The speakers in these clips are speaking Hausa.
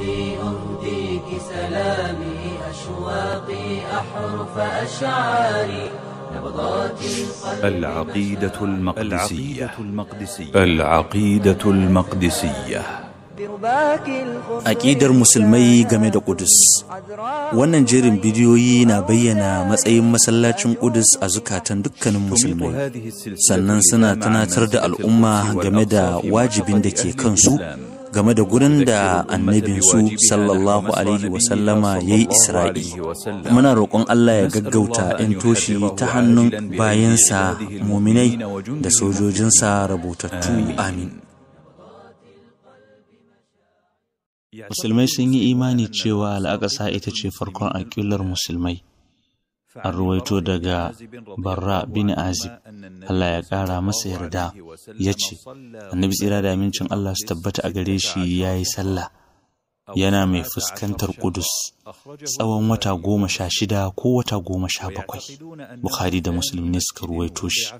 نفسي أهديك سلامي أشواقي أحرف أشعاري العقيدة المقدسية العقيدة المقدسية أكيدر مسلمي جميد قدس وانا جيرم بديوينا بينا مسأي مسلاتشم قدس أزكاة دكان مسلمي سنن سنة تنا ترد الأمة جميدا واجب دكي كنسو game da gurin da su sallallahu alaihi wasallama ya yi isra'i muna roƙon Allah ya gaggauta 'yan toshi ta hannun bayansa muminai da sojojinsa rubutattu amin musulmai sun yi imani cewa al'akasa ita ce farkon aƙilar musulmai an ruwaito daga barra bin azib Allah ya ƙara masa yarda ya ce, Annabi tsira da amincin Allah su tabbata a gare shi ya yi sallah, yana mai fuskantar Kudus tsawon wata goma sha shida ko wata goma sha bakwai. Bukhari da Musulmi ne suka ruwaito shi,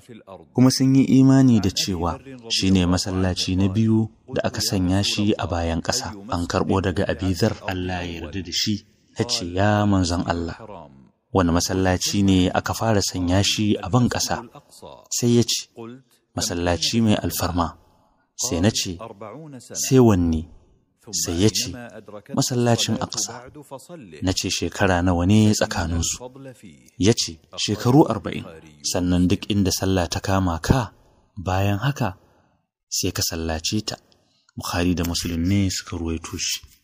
kuma sun yi imani da cewa shi ne masallaci na biyu da aka sanya shi a bayan ƙasa. An karɓo daga Abizar Allah ya yarda da shi, ya ce, Ya manzon Allah. wani masallaci ne aka fara sanya shi a ban ƙasa sai ya ce masallaci mai alfarma sai na ce sai wanne sai ya ce masallacin aqsa na ce shekara nawa ne tsakaninsu ya ce shekaru arba'in sannan duk inda sallah ta kama ka bayan haka sai ka sallace ta bukhari da musulun ne suka ruwaito shi